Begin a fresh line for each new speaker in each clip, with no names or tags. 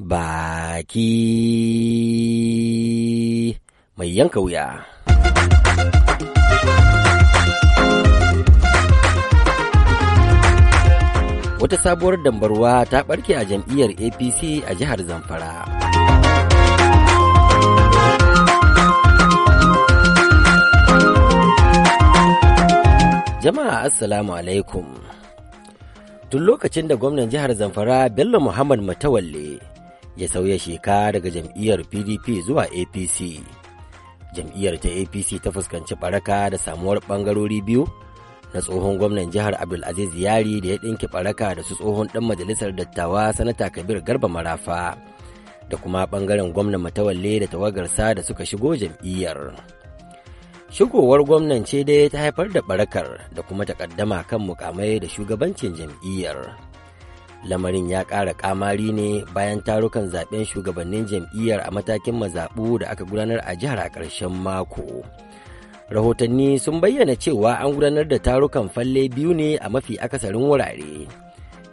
baki mai yanka wuya. Wata sabuwar dambarwa ta ɓarke a jam'iyyar APC a jihar Zamfara. Jama'a Assalamu alaikum. Tun lokacin da gwamnan jihar Zamfara Bello Muhammad Matawalle ya sauya sheka daga jam'iyyar pdp zuwa apc jam'iyyar ta apc ta fuskanci baraka da samuwar bangarori biyu na tsohon gwamnan jihar abdulaziz yari da ya ɗinki baraka da su tsohon ɗan majalisar dattawa sanata kabir garba marafa da kuma ɓangaren gwamnan matawalle da tawagarsa da suka shigo jam'iyyar shigowar gwamnan ce dai ta haifar da barakar da kuma takaddama kan mukamai da shugabancin jam'iyyar. lamarin ya ƙara ƙamari ne bayan tarukan zaben shugabannin jam'iyyar a matakin mazaɓu da aka gudanar a jihar a ƙarshen mako rahotanni sun bayyana cewa an gudanar da tarukan falle biyu ne a mafi akasarin wurare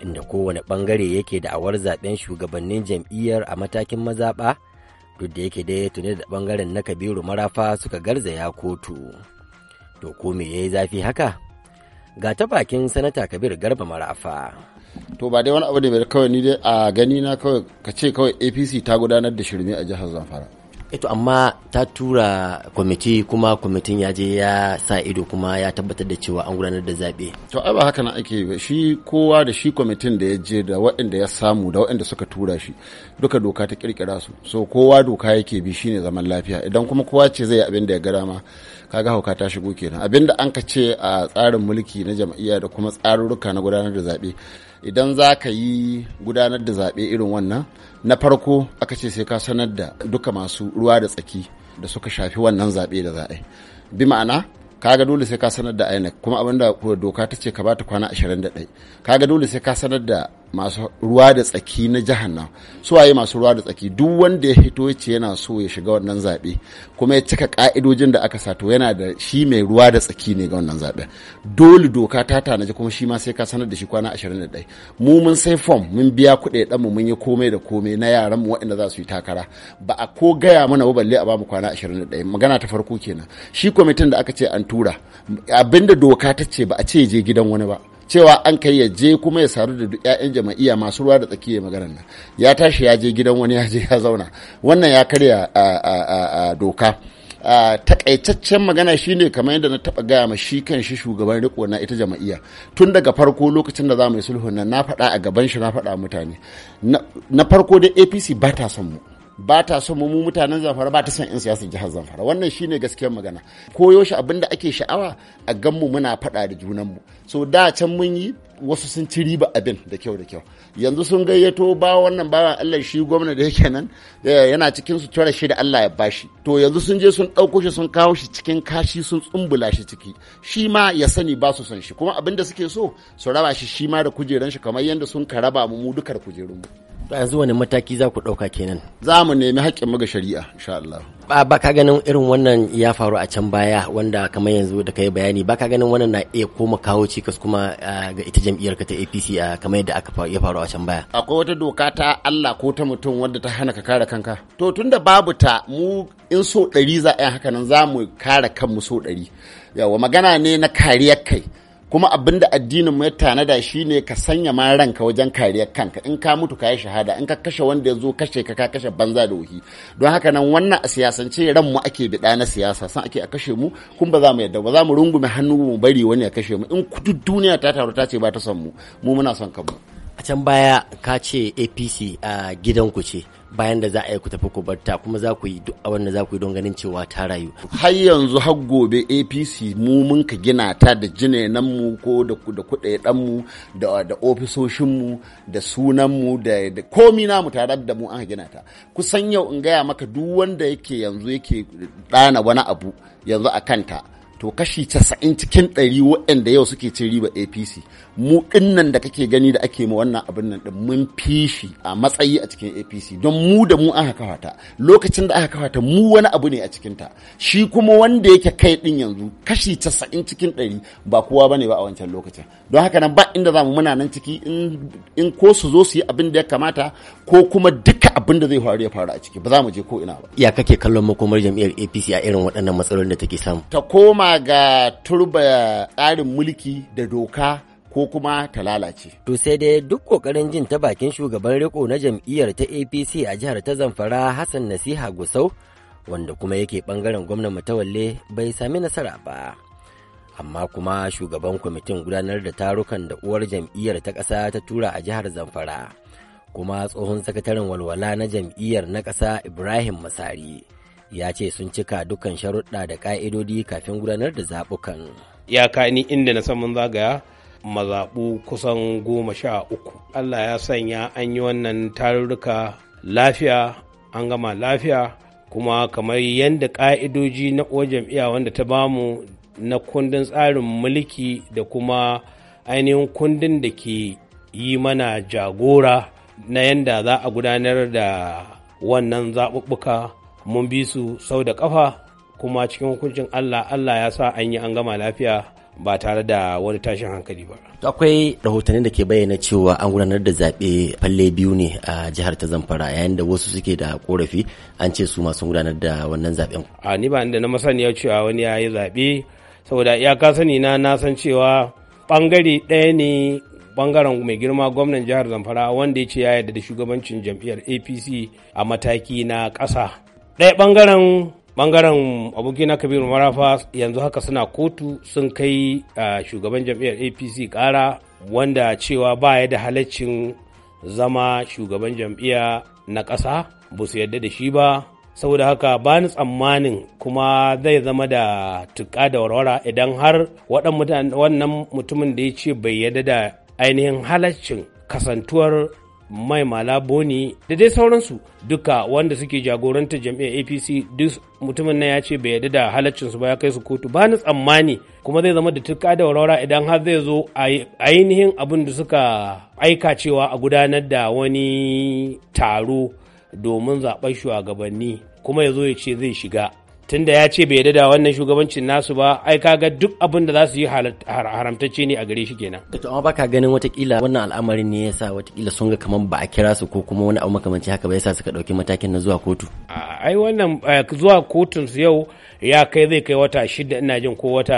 inda kowane ɓangare yake da awar zaben shugabannin jam'iyyar a matakin mazaɓa duk da yake dai tuni da ɓangaren na kabiru marafa suka garzaya kotu to ko me ya yi zafi haka ga ta bakin sanata
kabir garba marafa to ba dai wani abu da kawai ni dai a gani na kawai ka ce kawai apc ta gudanar da shirme a jihar zamfara eto amma ta tura
kwamiti kuma kwamitin ya je ya sa ido kuma ya tabbatar da cewa an gudanar da zaɓe.
to ai ba haka nan ake ba shi kowa da shi kwamitin da ya je da waɗanda ya samu da waɗanda suka tura shi duka doka ta kirkira su so kowa doka yake bi shine zaman lafiya idan kuma kowa ce zai abin da ya ga dama kaga hauka ta shigo kenan abinda an ka ce a tsarin mulki na jam'iyya da kuma tsarurruka na gudanar da zaɓe idan za ka yi gudanar da zaɓe irin wannan na farko aka ce sai ka sanar da duka masu ruwa da tsaki da suka shafi wannan zaɓe da za a yi bi ma'ana kaga dole sai ka sanar da INEC kuma abinda doka ta ce ka ba ta kwana 21 kaga dole sai ka sanar da masu ruwa da tsaki na jihar nan su masu ruwa da tsaki duk wanda ya hito ya ce yana so ya shiga wannan zaɓe kuma ya cika ka'idojin da aka sato yana da shi mai ruwa da tsaki ne ga wannan zaɓe dole doka ta tanaji kuma shi ma sai ka sanar da shi kwana 21 mu mun sai fom mun biya kuɗe mu mun yi komai da komai na yaran mu waɗanda za su yi takara ba a ko gaya mana ba balle a bamu kwana 21 magana ta farko kenan shi kwamitin da aka ce an tura abinda doka ta ce ba a ce je gidan wani ba cewa an kai ya je kuma ya saru da duk 'ya'yan jama'iyya masu ruwa da tsakiyar maganar nan ya tashi ya je gidan wani ya je ya zauna wannan ya karya a doka a takaitaccen magana shine kamar yadda na taba gaya ma shi kan shi shugaban riko na ita jama'iyya tun daga farko lokacin da za mu yi sulhun nan na faɗa a gaban shi na faɗa mutane na farko da apc ba ta son mu ba ta son mu mutanen zamfara ba ta son 'yan siyasar jihar zamfara wannan shine gaskiyar magana ko yaushe abin da ake sha'awa a ganmu muna faɗa da junanmu so da can mun yi wasu sun ci riba abin da kyau da kyau yanzu sun gayyato ba wannan bawan Allah shi gwamna da yake nan eh, yana cikin su tura shi da Allah ya bashi to yanzu sun je sun ɗauko shi sun kawo shi cikin kashi sun tsumbula shi ciki shi ma ya sani ba su son shi kuma abin da suke so su raba shi shi ma da kujeran shi kamar yadda sun ka raba mu mu dukar kujerun mu
yanzu wani mataki za ku ɗauka kenan
za mu nemi haƙƙin ga shari'a insha Allah
ba ka ganin irin wannan ya faru a can baya wanda kamar yanzu da kai bayani ba ka ganin wannan na iya koma kawo cikas kuma ga ita jam'iyyar ka ta APC kamar yadda aka ya faru a can baya
akwai wata doka ta Allah ko ta mutum wadda ta hana ka kare kanka to tunda babu ta mu in so ɗari za a yi haka nan za mu kare kanmu so ɗari yawa magana ne na kariyar kai kuma abin da addinin mu ya tanada ne ka sanya ma ranka wajen kariyar kanka in ka mutu ka yi shahada in ka kashe wanda ya zo kashe ka ka kashe banza da wuhi don haka nan wannan a siyasance ran mu ake bida na siyasa san ake a kashe mu kun ba za mu yadda ba za mu rungume hannu mu bari wani ya kashe mu in duniya ta taru ta ce ba ta son mu mu muna son kanmu a can baya ka ce apc a gidanku ce
bayan da za a yi ku tafi ku barta kuma za ku yi abin za ku yi don ganin cewa ta rayu
har yanzu har gobe apc mu mun ka gina ta da nan mu ko da da dan mu da da ofisoshin mu da sunan mu da, da komi namu tare da mu an gina ta kusan yau in gaya maka duk wanda yake yanzu yake dana wani abu yanzu a kanta to kashi casa'in cikin ɗari waɗanda yau suke cin riba apc mu ɗinnan da kake gani da ake ma wannan abin nan ɗin mun fi shi a matsayi a cikin apc don mu da mu aka kafa ta lokacin da aka kafa ta mu wani abu ne a cikin ta shi kuma wanda yake kai ɗin yanzu kashi casa'in cikin ɗari ba kowa bane ba a wancan lokacin don haka nan ba inda zamu muna nan ciki in ko su zo su yi abin da ya kamata ko kuma duka abin da zai faru ya faru a ciki ba za mu je ko ina ba
ya kake kallon makomar jam'iyyar apc a irin waɗannan matsalolin da take samu
ta koma ga turba tsarin mulki da doka ko kuma ta lalace. To sai dai duk kokarin jin ta bakin shugaban riko na jam'iyyar ta APC
a jihar ta Zamfara Hassan Nasiha Gusau wanda kuma yake bangaren gwamnan walle bai sami nasara ba. Amma kuma shugaban kwamitin gudanar da tarukan da uwar jam'iyyar ta ƙasa ta tura a jihar Zamfara. Kuma tsohon sakataren walwala na jam'iyyar na ƙasa Ibrahim Masari. ya ce sun cika dukkan sharuɗa da ƙa'idodi kafin gudanar da zaɓukan.
Ya ni inda na mun zagaya mazaɓu kusan goma sha uku. Allah ya sanya an yi wannan tarurruka lafiya an gama lafiya kuma kamar yadda ƙa'idoji na uwar iya wanda ta bamu na kundin tsarin mulki da kuma ainihin kundin da ke yi mana jagora na yadda za a gudanar da wannan zaɓuɓɓuka mun bi su sau da kafa kuma cikin hukuncin Allah Allah ya sa an yi an gama lafiya ba tare da wani tashin hankali ba. Akwai
rahotanni da ke bayyana cewa an gudanar da zaɓe falle biyu ne a jihar ta Zamfara yayin da wasu suke da korafi an ce su masu gudanar da wannan zaɓen.
A ni ba da na ya cewa wani ya yi zaɓe saboda iyaka sani na na san cewa ɓangare ɗaya ne bangaren mai girma gwamnan jihar zamfara wanda ya ce ya yarda da shugabancin jam'iyyar apc a mataki na ƙasa ɗaya ɓangaren bangaren abokina kabiru marafa yanzu haka suna kotu sun kai shugaban jam'iyyar apc ƙara wanda cewa baya da halaccin zama shugaban jam'iyya na ƙasa ba su yarda da shi ba saboda haka ba ni tsammanin kuma zai zama da tuƙa da warwara idan har wannan mutumin da ya ce bai yarda da ainihin halaccin kasantuwar mai boni da dai sauransu duka wanda suke jagoranta jam'iyyar apc duk mutumin nan ya ce bai yarda da halaccinsu ba ya kai su kotu ba ni tsammani kuma zai zama da tuka da warwara idan har zai zo ainihin abin da suka aika cewa a gudanar da wani taro domin zaɓen shugabanni kuma ya zo ya ce zai shiga tunda ya ce bai yarda da wannan shugabancin nasu ba ai kaga duk abin da za su yi haramtacce ne a gare shi kenan to amma baka
ganin watakila wannan al'amarin ne yasa watakila sun ga kaman ba a kira su ko kuma wani abu makamanci haka ba yasa suka dauki matakin na zuwa kotu
ai wannan zuwa kotun su yau ya kai zai kai wata shida ina jin ko wata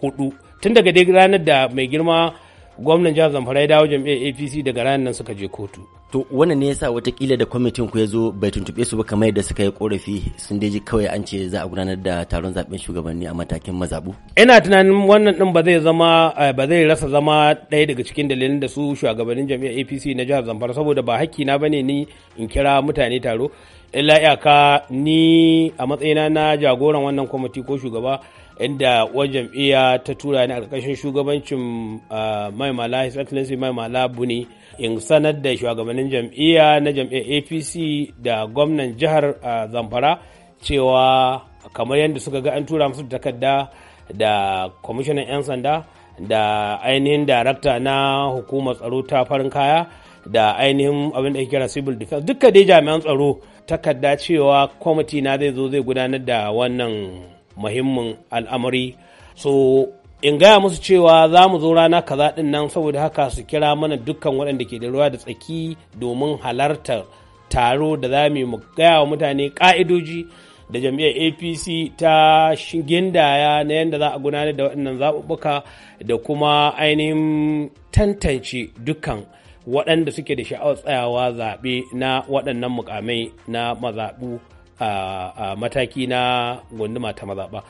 hudu tun daga dai ranar da mai girma gwamnan jihar zamfara ya dawo jam'iyyar apc daga ranar nan suka je kotu to wannan ne yasa watakila da
kwamitin ku ya zo bai tuntuɓe su ba kamar yadda suka yi korafi sun dai ji kawai an ce za a gudanar da taron zaben shugabanni a matakin mazabu
ina tunanin wannan din ba zai zama eh, ba zai rasa zama ɗaya daga cikin dalilin da su shugabannin jam'iyyar apc na jihar zamfara saboda ba hakki na ne ni in kira mutane taro illa iyaka ni a matsayina na jagoran wannan kwamiti ko shugaba inda uwar jam'iyya ta tura ni a ƙarƙashin shugabancin uh, mai mala his excellency mai buni in sanar da shugabannin jam'iyya na jam'iyyar apc da gwamnan jihar uh, zamfara cewa kamar yadda suka ga an tura musu takarda da kwamishinan 'yan sanda da ainihin darakta na hukumar tsaro ta farin kaya da ainihin abin da kira civil defense duka dai jami'an tsaro takarda cewa kwamiti na zai zo zai gudanar da wannan muhimmin al'amari so in gaya musu cewa za mu zo rana kaza din nan saboda haka su kira mana dukkan waɗanda ke da ruwa da tsaki domin halartar taro da za mu gaya wa mutane ƙa'idoji da jami'ar apc ta shigindaya na yadda za a gudanar da waɗannan zaɓuɓɓuka da kuma ainihin tantance dukkan waɗanda suke da sha'awar tsayawa zaɓe na waɗannan mukamai na mazaɓu a mataki na gunduma ta mazaɓa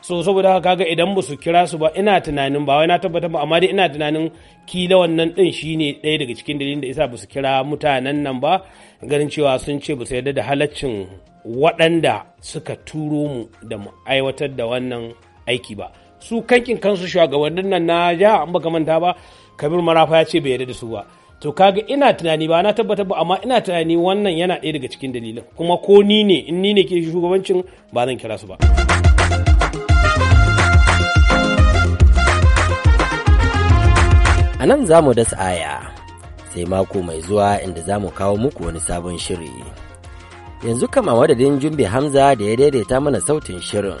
so saboda haka kaga idan ba su kira su ba ina tunanin ba wai na tabbatar ba amma dai ina tunanin kila wannan din shine ɗaya daga cikin dalilin da isa ba su kira mutanen nan ba ganin cewa sun ce ba su yarda da halaccin waɗanda suka turo mu da mu aiwatar da wannan aiki ba su kankin kansu shugabannin nan na jiha an baka manta ba kabir marafa ya ce bai yarda da su ba to kaga ina tunani ba na tabbatar ba amma ina tunani wannan yana ɗaya daga cikin dalilin kuma ko ni ne in ni ne ke shugabancin ba zan kira su ba
a nan za mu dasa aya sai mako mai zuwa inda za mu kawo muku wani sabon shiri yanzu kama madadin jumbe hamza da ya daidaita mana sautin shirin